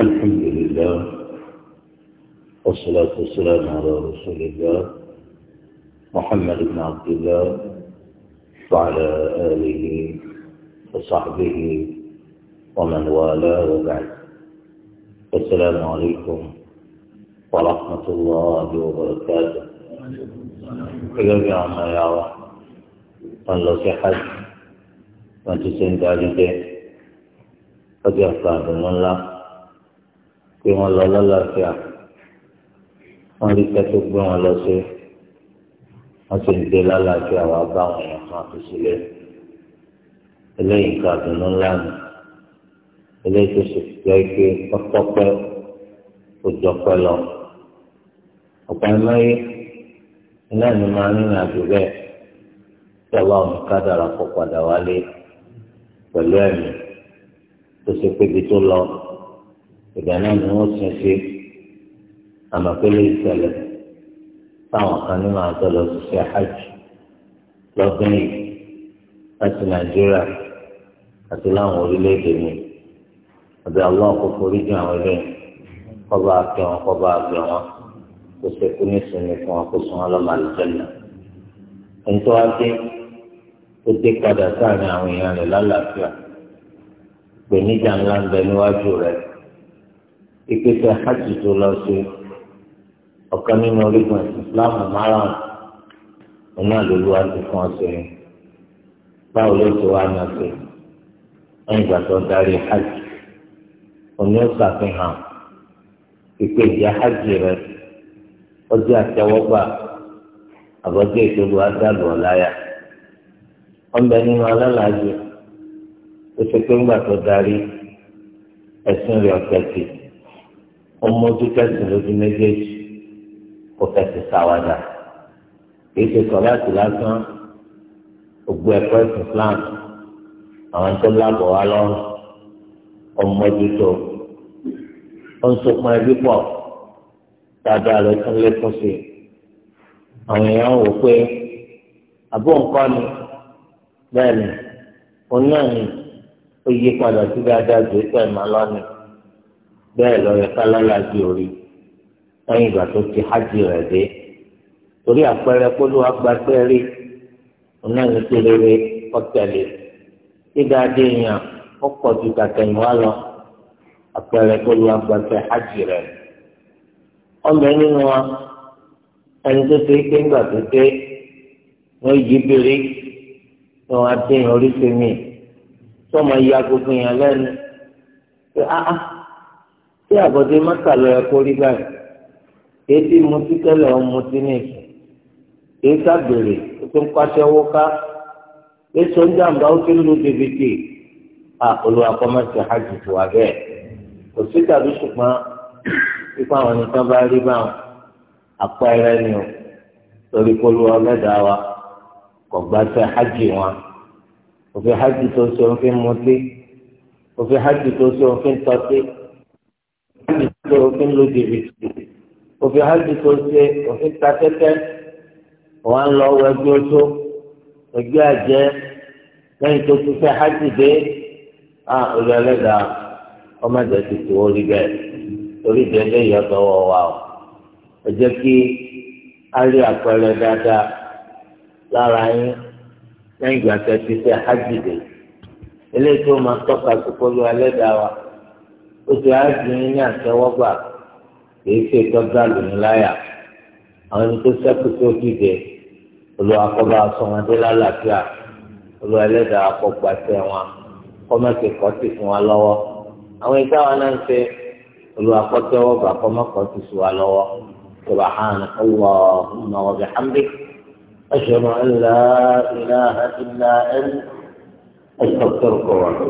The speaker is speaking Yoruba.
الحمد لله والصلاة والسلام على رسول الله محمد بن عبد الله وعلى آله وصحبه ومن والاه وبعد السلام عليكم ورحمة الله وبركاته جميعا عما يعرف أن لو صحت وأنت سندالي قد يرفع بالله pé wọ́n lọ lọ́lọ́fíà wọ́n rí kẹ́tọ́ gbé wọn lọ sí wọ́n sì ń dé lọ́lọ́fíà wá bá wọn yẹn fún àtúnṣílẹ̀ eléyìí nǹkan àdùnnú ńlá ni eléyìí tó sì jẹ́ pé pọ́pọ́pẹ́ òjò pẹ́ lọ ọ̀pọ̀ ẹ̀mọ́yé iná ni máa ń rìn àjò bẹ́ẹ̀ tí ọlọ́run ká dàrà padà wálé pẹ̀lú ẹ̀mí tó ṣe pébi tó lọ ìgbà náà ni wọ́n sún sí àmàpẹ́lẹ́ ìṣẹ̀lẹ̀ táwọn kan nínú àjọ lọ ṣiṣẹ́ hajj lọ́gbìn yìí láti nàìjíríà àti láwọn orílẹ̀-èdè mi àbí àwọn àkókò oríjì àwọn ilé kọ́ba àfẹ́ wọn kọ́ba àgbẹ̀ wọn kò sẹ́kù ní sinmi fún wọn kó sún wọn lọ́mọ àlùjẹ́lẹ̀ ẹni tó ó dé padà sáàrin àwọn èèyàn rẹ̀ lálàáfíà pèníjà ńlá ń bẹ níwájú rẹ̀ ìpèsè hajj tó lọ sí ọ̀kan nínú orígun islam márùn ún náà ló lúwa ti fún ọ̀sẹ̀ yẹn báwo ló ti wá ní ọ̀sẹ̀ wọn ìgbà tó darí hajj òní ó ṣàfihàn ìpèsè hajj rẹ ọjọ́ àtẹ́wọ́gbà àbọ̀jẹ́ ìṣòro adálù ọ̀láyà ọ̀nbẹ nínú alálàájì ó ṣe pé ńgbà tó darí ẹ̀sìn rẹ̀ ọ̀tẹ̀ tì í ọmọ tó tẹ̀sìn lójú méjèèjì kó tẹ̀sìn sáwádà kìí ṣe sọ láti lásán ògbó ẹ̀kọ́ ẹ̀sìn Islam àwọn tó lábọ̀ wá lọ́rùn ọmọ tuntun ó ń sopọ̀ ẹbí pọ̀ dáadáa lọ tún lékún sí i àwọn èèyàn wò pé àbọ̀ nǹkan ni bẹ́ẹ̀ ni òun náà ni ó yí padà sí dáadáa ju ìpẹ́ ìmọ̀ lọ́nìí bẹ́ẹ̀ lọ́yọ̀ kálálà di orí lẹ́yìn ìgbà tó ti hajj rẹ̀ dé torí àpẹẹrẹ kólú agbáṣẹ́ rí onáyìn tó rere ọ̀tẹ̀lẹ̀ dídá dé yàn ọ̀pọ̀ ju kàkẹ́yìn wá lọ àpẹẹrẹ kólú agbáṣẹ́ hajj rẹ̀ ọmọ ẹni nínú wa ẹni tó ṣe pé ńgbà tó dé wọ́n yí bèrè ni wọ́n á dé yàn orí sí mi tó máa ya gbogbo yàn lẹ́nu pé áá. Ah, ah, tí àbọ̀dé mọ́tà lọ yẹ kó rí báyìí ètí mutí tẹ́lẹ̀ ń mutí ní ìsìn èyí sábèrè ó ti ń pàṣẹwó ká èso ń jàǹbá ó ti ń lu jìbìtì à olùwàkọ́mọ́sì hajj tó wà bẹ́ẹ̀ kò sí tàbí ṣùgbọ́n pípa àwọn nìkan bá rí báwọn àpá ẹrẹ ni o torí kó lu ọlẹ́dàá wa kò gbá sí hajj wọn òfin hajj tó ṣe òfin mutí òfin hajj tó ṣe òfin tọ́sí hajj tó o fi ń lo jìbìtì òfin hajj tó o ṣe òfin ta tẹ́tẹ́ wà ń lọ wọ ẹgbẹ́ oṣó ẹgbẹ́ àjẹ́ lẹ́yìn tó ti fẹ́ hajj dé a olùyàlẹ́dà ọmọdé ti tó o rí bẹ́ẹ̀ torí ìdẹ́lẹ́ ìyọ̀tọ̀ wọ̀ wá o ẹ jẹ́ kí a rí àpẹẹrẹ dáadáa lára yín lẹ́yìn ìgbà tẹ́ ti fẹ́ hajj dé eléyìí tó máa tọ́ka sí pọ́lú wa. ó ti áàdì yín ní àtẹ́wọ́gbà kìí ṣe ìtọ́jú àlùmí láyà àwọn ẹni tó sẹ́kù tó dìde kọba sọmọdé lálàáfíà olùwà ẹlẹ́dàá àkọ́gbà tẹ wọn kọ́mẹ́tì kọ́tì fún wa lọ́wọ́ àwọn ìta wa náà ń ṣe fún wa lọ́wọ́